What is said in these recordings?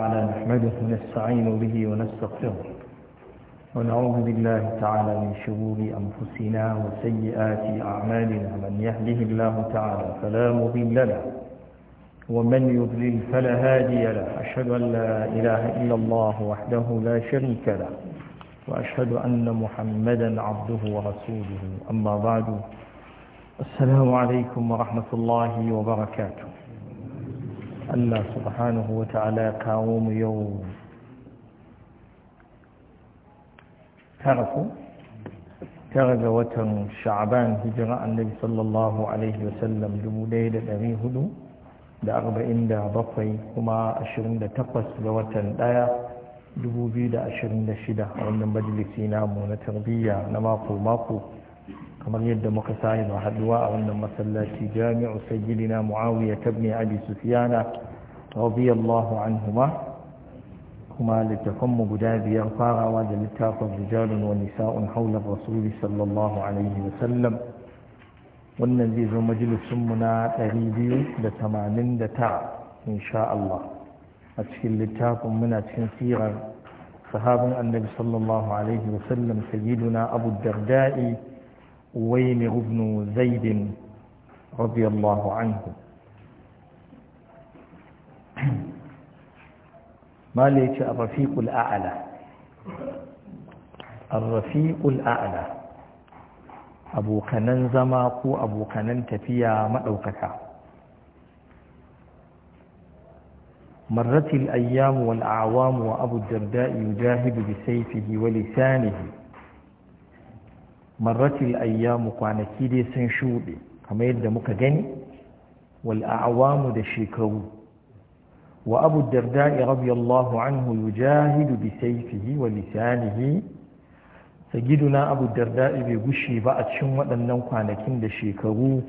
تعالى نحمده ونستعين به ونستغفره ونعوذ بالله تعالى من شرور أنفسنا وسيئات أعمالنا من يهده الله تعالى فلا مضل له ومن يضلل فلا هادي له أشهد أن لا إله إلا الله وحده لا شريك له وأشهد أن محمدا عبده ورسوله أما بعد السلام عليكم ورحمة الله وبركاته Allah subhanahu wa ta'ala kawo mu yau tara tara ga watan sha'aban hijira annabi sallallahu alaihi wasallam 1447 kuma 28 ga watan daya 2026 a wannan majalisi mu na tarbiyya na mako-mako kamar yadda muka sani ba haduwa a wannan masallaci jami'u sayyidina muawiya tabni abi sufyana radiyallahu anhuma kuma littafan mu guda biyar farawa da littafin rijalun wa nisa'un hawla rasuli sallallahu alaihi wa sallam wannan zai zo majalisun mu na 289 insha Allah a cikin littafin muna cikin sirar sahabin annabi sallallahu alaihi wa sallam sayyiduna abu darda'i ويمر بن زيد رضي الله عنه ما ليش الرفيق الأعلى الرفيق الأعلى أبو كنن زماق أبو كنن تفيا مأوكك مرت الأيام والأعوام وأبو الدرداء يجاهد بسيفه ولسانه marratil ayyamu kwanaki dai sun shuɗe kamar yadda muka gani wal a'wamu da shekaru wa abu darda'i radiyallahu anhu yujahidu bi sayfihi wa lisanihi na abu darda'i bai gushe ba a cikin waɗannan kwanakin da shekaru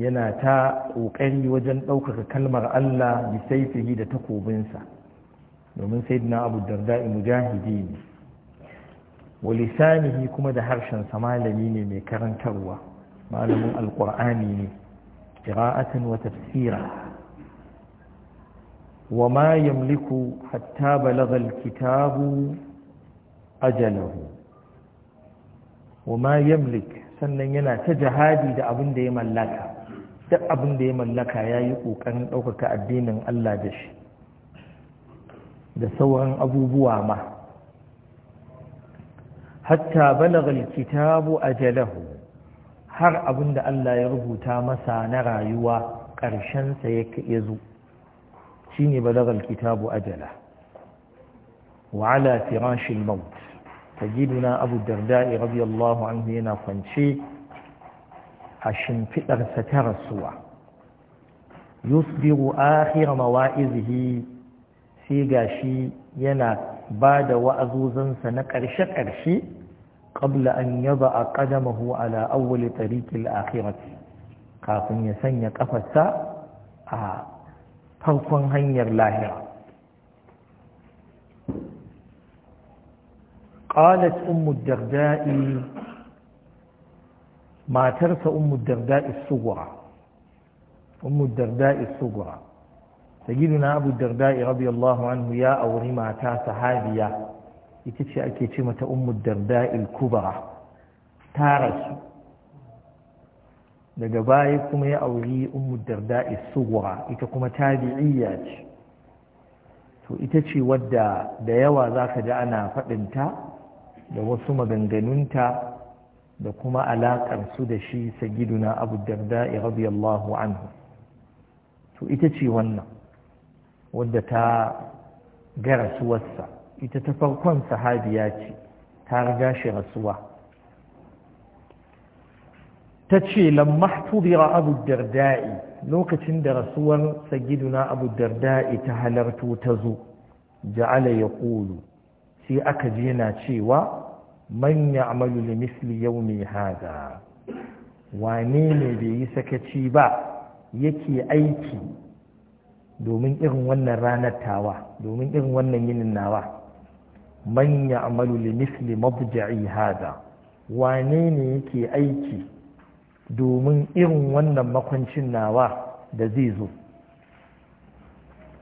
yana ta ƙoƙari wajen ɗaukaka kalmar Allah bi sayfihi da takobinsa domin sayyidina abu darda'i mujahidi ne wa lisanihi kuma da harshen sa malami ne mai karantarwa malamin Alƙur'ani ne qira'atan wa tafsira wa ma yamliku hatta balagha alkitabu ajalahu wa ma yamlik sannan yana ta jihadi da abin da ya mallaka duk abin da ya mallaka ya yi ƙoƙarin ɗaukaka addinin Allah da shi da sauran abubuwa ma hatta balagal kitabu ajalahu har abin da Allah ya rubuta masa na rayuwa ƙarshensa ya zo shi ne balagal kitabu ajala wa ala firashin maut sajiduna abu darda'i radiyallahu an yana kwance a shimfiɗarsa ta rasuwa yusbiru akhir mawa'izihi sai gashi yana ba da wa'azozansa na ƙarshe-ƙarshe قبل أن يضع قدمه على أول طريق الآخرة قافن يسني sanya kafarsa a farkon قالت أم الدرداء ما ترس أم الدرداء الصغرى أم الدرداء الصغرى سيدنا أبو الدرداء رضي الله عنه يا أورما تاس صحابية ita ce ake ce mata ummu darda kubra ta rasu daga baya kuma ya auri ummu darda sughra ita kuma tabi'iyya ce to ita ce wadda da yawa zaka ji ana faɗinta da wasu maganganunta da kuma alaƙar su da shi sagiduna abu darda'i radiyallahu anhu to ita ce wannan wadda ta su rasuwarsa ita ta farkon sahabiya ce ta riga shi rasuwa ta ce lamma abu darda'i lokacin da rasuwar sagiduna abu darda'i ta halarto ta zo ja'ala ya ƙulu sai aka je na cewa manya ya'malu li misli mai haza wane ne bai yi sakaci ba yake aiki domin irin wannan ranar tawa domin irin wannan yinin nawa man ya'malu li misli mabja'i hada wane ne yake aiki domin irin wannan makwancin nawa da zai zo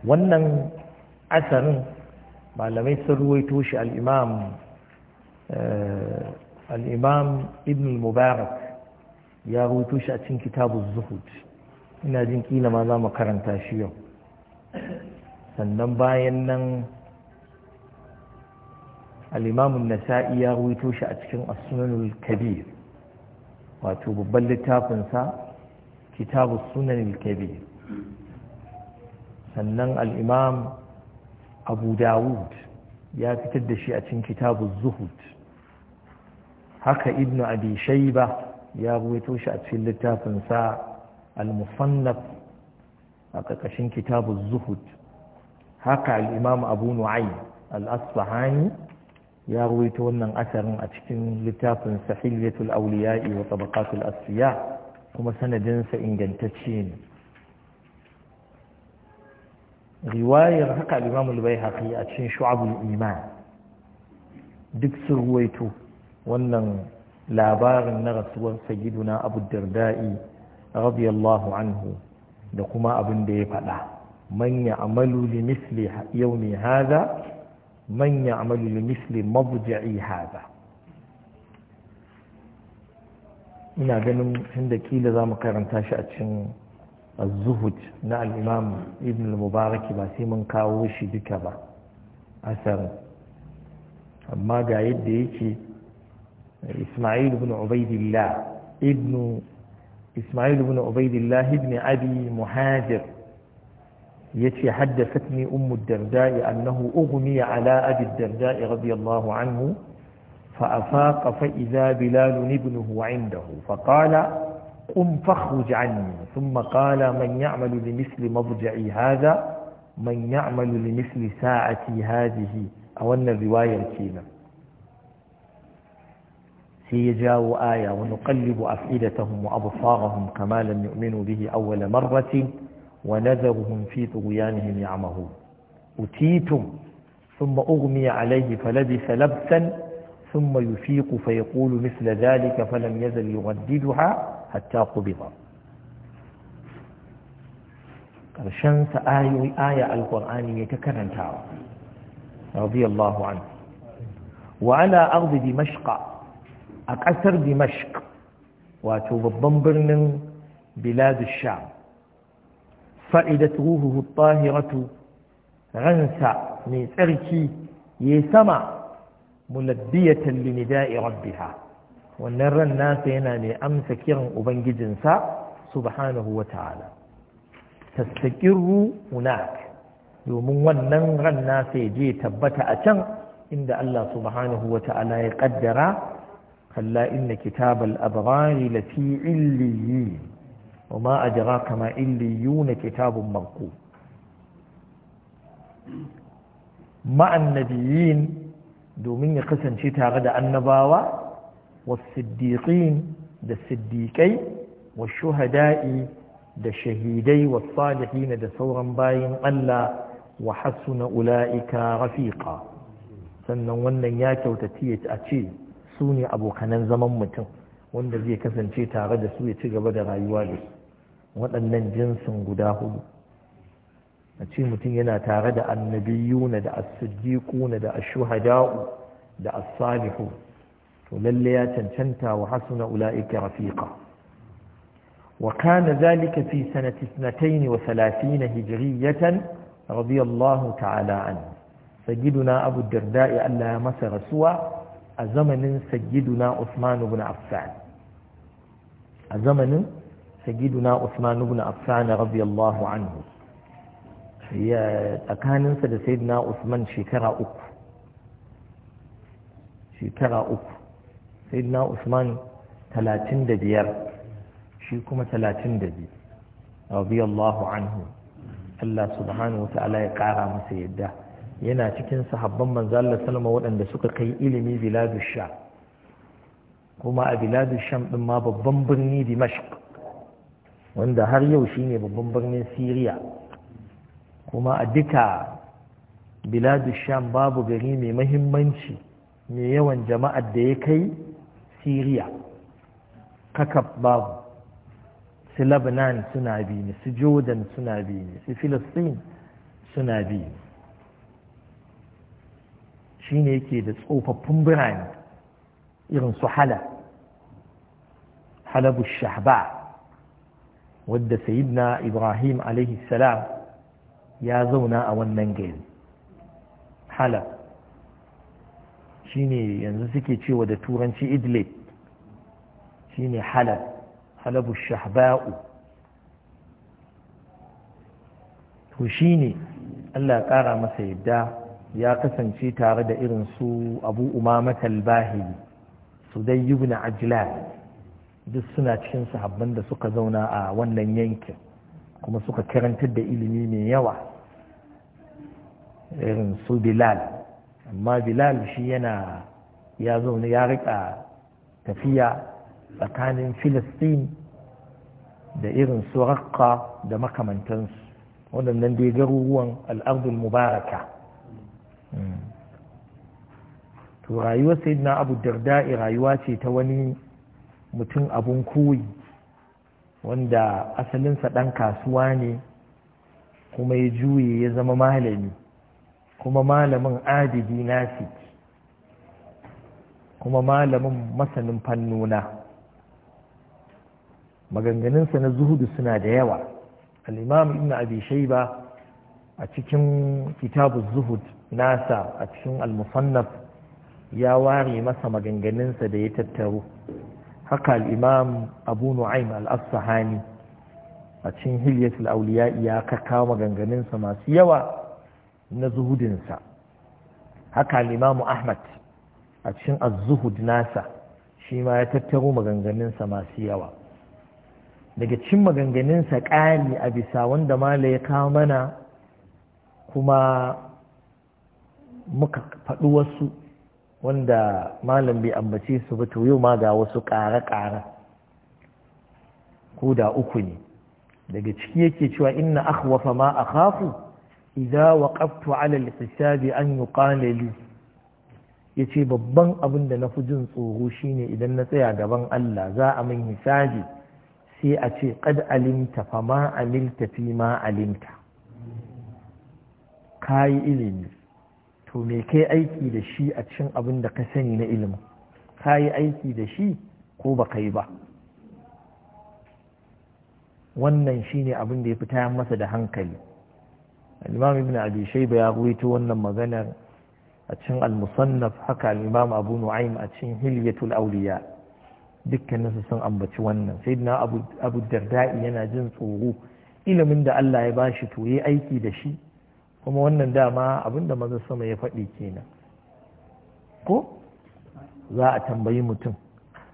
wannan asarin malamai sun ruwaito shi al'imam eh, al'imam ibn mubarak ya ruwaito shi a cikin kitabu zuhud ina jin kila ma za mu karanta shi yau sannan bayan nan al'imamun nasa'i ya ruwaito shi a cikin asunanul kabir wato babban littafinsa kitabu sunanul kabir sannan al'imam abu dawud ya fitar da shi a cikin kitabu zuhud haka ibnu abi shaiba ya ruwaito shi a cikin littafinsa al-musannaf a ƙarƙashin kitabu zuhud haka al'imam abu nu'ayn al-asfahani ya ruwaito wannan asarin a cikin littafin sahihiyatul auliya'i wa tabaqatul asfiya kuma sanadinsa ingantacce ne riwayar haka al-imam al-baihaqi a cikin shu'abul iman duk sun ruwaito wannan labarin na rasuwar sayyiduna abu darda'i radiyallahu anhu da kuma abin da ya faɗa manya amalu li misli yawmi hadha Manya ya'malu li misli mabja'i ina ganin inda kila zamu karanta shi a cikin Azuhud zuhud na al-imam ibn al ba sai mun kawo shi duka ba asar amma ga yadda yake isma'il ibn ubaidillah ibn isma'il ibn ubaidillah ibn abi muhajir يتي حدثتني أم الدرداء أنه أغمي على أبي الدرداء رضي الله عنه فأفاق فإذا بلال ابنه عنده فقال قم فاخرج عني ثم قال من يعمل لمثل مضجعي هذا من يعمل لمثل ساعتي هذه أو أن الرواية الكينة سيجاو آية ونقلب أفئدتهم وأبصارهم كما لم يؤمنوا به أول مرة ونذرهم في طغيانهم يعمهون أتيتم ثم أغمي عليه فلبس لبسا ثم يفيق فيقول مثل ذلك فلم يزل يغددها حتى قبض قرشان سآية آية القرآن يتكرن رضي الله عنه وعلى أرض دمشق أكثر دمشق وتوضب برن بلاد الشام fa'idat ruhuhu tahiratu ransa mai tsarki ya sama mulabbiyatan li rabbiha wannan ran nasa yana mai amsa kiran ubangijinsa subhanahu wa ta'ala tastaqiru hunak domin wannan ran nasa ya je tabbata a can inda Allah subhanahu wa ta'ala ya kaddara kalla inna kitabal abrari lafi illiyin وما أدراك ما إليون كتاب مرقوم مع النبيين دومين يقسم شتى غدا النباوة والصديقين دا الصديقي والشهداء دا الشهيدي والصالحين دا ثورا باين ألا وحسن أولئك رفيقا sannan wannan ya kyautaci a ce su ne abokanan zaman mutum wanda zai kasance tare da su ya ci gaba da rayuwa da su waɗannan jinsin guda hudu a ce mutum yana tare da annabiyuna da as-siddiquna da ash-shuhada'u da as-salihu to lalle ya cancanta wa hasuna ula'ika rafiqa wa kana zalika fi sanati 32 hijriyatan radiyallahu ta'ala an sayyiduna abu darda'i Allah ya masa rasuwa a zamanin sayyiduna Usman ibn Affan a zamanin سيدنا عثمان بن عفان رضي الله عنه ya tsakaninsa da sayyidina Usman shekara uku shekara uku sayyidina Usman talatin da biyar shi kuma talatin da biyu radiyallahu anhu Allah subhanahu wa ta'ala ya kara masa yadda yana cikin sahabban manzo Allah sallama waɗanda suka kai ilimi biladu sha kuma a biladu sham din ma babban birni dimashq wanda har yau shine babban birnin Siriya kuma a duka biladu babu gari mai mahimmanci mai yawan jama'ar da ya kai Siriya kakab babu su Lebanon suna bi su Jordan suna bi ne su Filistin suna bi ne shine yake da tsofaffin birane irin su hala halabu shahba wadda sayidna ibrahim alaihi salam ya zauna a wannan gari halab shine yanzu suke cewa da turanci idlib shine halab halabu shahba'u to shine Allah ƙara masa yadda ya kasance tare da irin su abu umamata al-bahili su dai duk suna cikin sahabban da suka zauna a wannan yankin kuma suka karantar da ilimi mai yawa irin su bilal amma bilal shi yana ya zauna ya rika tafiya tsakanin filistin da irin su rakka da makamantansu waɗannan dai garuruwan al'adul mubaraka hmm. to rayuwar sayyidina abu darda'i rayuwa ce ta wani mutum abun koyi wanda asalinsa ɗan kasuwa ne kuma ya juye ya zama malami kuma malamin adidi nasi kuma malamin masanin fannuna. maganganunsa na zuhudu suna da yawa al'imam ibn abi shaiba a cikin kitabu zuhud nasa a cikin al-musannaf ya ware masa maganganunsa da ya tattaro haka al'imam abu nu'aim al'asahani a cikin hilyatul auliya ya kakkawa maganganunsa masu yawa na zuhudinsa haka al'imamu ahmad a cikin az-zuhud nasa shi ma ya tattaro maganganunsa masu yawa daga cin maganganunsa ƙari a bisa wanda mala ya kawo mana kuma muka faɗi wasu wanda malam bai ambace su ba to yau ma ga wasu ƙara-ƙara ko da uku ne daga ciki yake cewa inna akhwafa ma akhafu idza waqaftu ala al-hisabi an yuqala li yace babban abin da nafi jin tsoro shine idan na tsaya gaban Allah za a min hisabi sai a ce qad alimta fa ma amilta fi ma alimta kai ilimi to me kai aiki da shi a cikin abin da ka sani na ilimi ka yi aiki da shi ko ba ka yi ba wannan shine abin da ya fita masa da hankali al-imam ibn abi shaiba ya ruwaito wannan maganar a cikin al-musannaf haka al-imam abu nu'aym a cikin hilyatul awliya dukkanin su sun ambaci wannan sai abu abu darda'i yana jin tsoro ilimin da Allah ya bashi to yayi aiki da shi kuma wannan dama abinda maza sama ya faɗi kenan ko za a tambayi mutum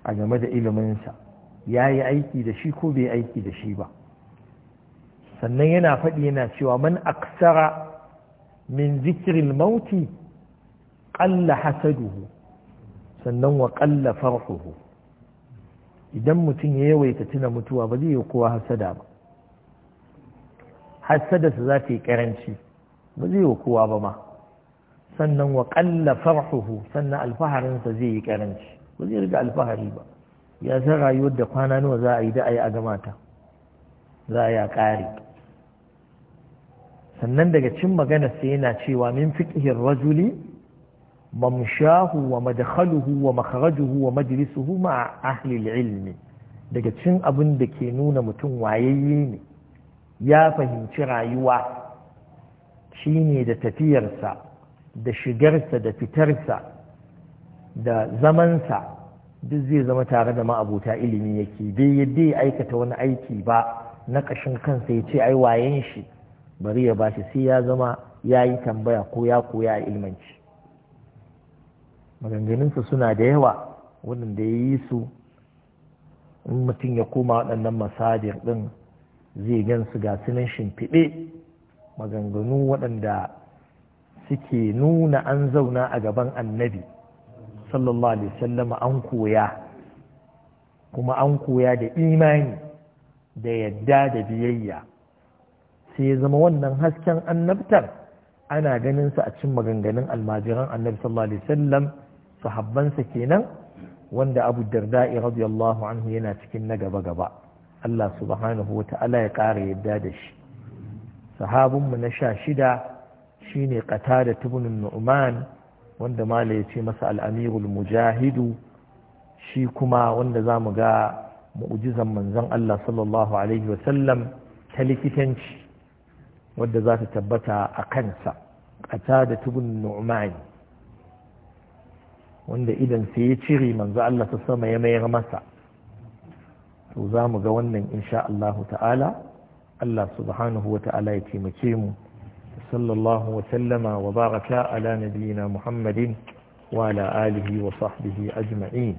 a game da iliminsa ya yi aiki da shi ko bai aiki da shi ba sannan yana faɗi yana cewa man aksara min zikirin mauti ƙalla hasaduhu sannan wa ƙalla farhuhu idan mutum ya yawaita tuna mutuwa ba zai yi kowa hasada ba hasadarsa za ta yi ƙaranci ba zai wa kowa ba ma sannan wa ƙalla farhuhu sannan alfaharinsa zai yi ƙaranci ba zai riga alfahari ba ya san rayuwar da kwana nawa za a yi da a yi a gama ta za a yi a ƙare sannan daga cin magana sai yana cewa min fiƙihin rajuli mamshahu wa madakhaluhu wa makharajuhu wa majlisuhu ma ahli ilmi daga cin abin da ke nuna mutum wayayye ne ya fahimci rayuwa Shi ne da tafiyarsa da shigarsa da fitarsa da zamansa duk zai zama tare da ma'abuta ilimi yake bai yadda ya aikata wani aiki ba na ƙashin kansa ya ce ai wayen shi bari ya bashi sai ya zama ya yi tambaya ko ya koya a ilmanci maganganunsa suna da yawa waɗanda ya yi su in mutum ya koma waɗannan masadir ɗin zai gan su ga sunan shimfiɗe maganganu waɗanda suke nuna an zauna a gaban annabi sallallahu alaihi wasallama an koya kuma an koya da imani da yadda da biyayya sai ya zama wannan hasken annabtar ana ganin sa a cikin maganganun almajiran annabi sallallahu alaihi wasallam sahabbansa kenan wanda abu darda'i radiyallahu anhu yana cikin na gaba gaba Allah subhanahu wa ta'ala ya ƙara yadda da shi sahabinmu na sha shida shine da tubunin nu'man wanda mala ya ce masa al'amirul mujahidu shi kuma wanda za mu ga mu'ujizan manzon Allah sallallahu alaihi wasallam ta likitanci wadda za ta tabbata a kansa da tubunin nu'man wanda idan sai ya cire manzo Allah ta sama ya mayar masa to za mu ga wannan insha Allah ta'ala Allah subhanahu wa ta'ala ya taimake mu sallallahu wa sallama wa baraka ala nabiyina Muhammadin wa ala alihi wa sahbihi ajma'in